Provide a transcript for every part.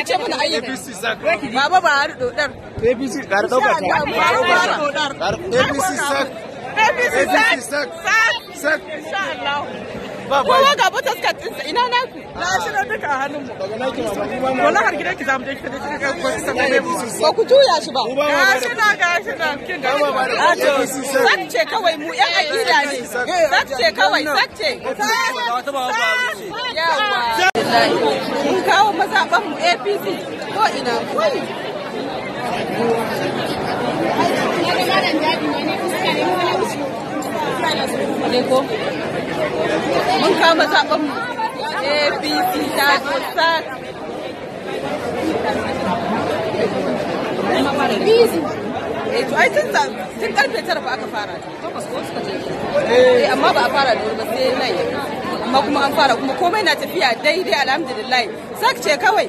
ya ce mana baba ba apc ta apc sak apc sak sak sak insha Allah kowa ga ina na ku na duka a hannun mu har je ba ku juya shi ba ga shi na ga shi na kin ga ce kawai mu yan akida ne ce kawai ce mun kawo mazaban mu apc ko ina wani mun kama zaben apc ta zo sat eh, ai tun karfe tara ba aka fara takwas ko eh, amma ba a fara da wuri ba sai nan amma kuma an fara kuma komai na tafiya daidai alhamdulillah sak ce kawai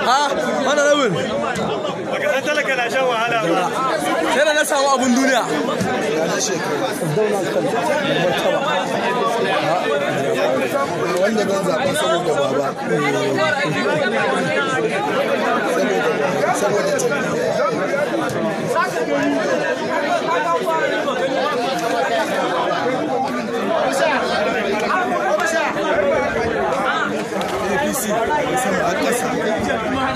ها انا الاول قلت لك انا شوى على انا نسعى ابو الدنيا wanda ban zaɓa saboda baba saboda से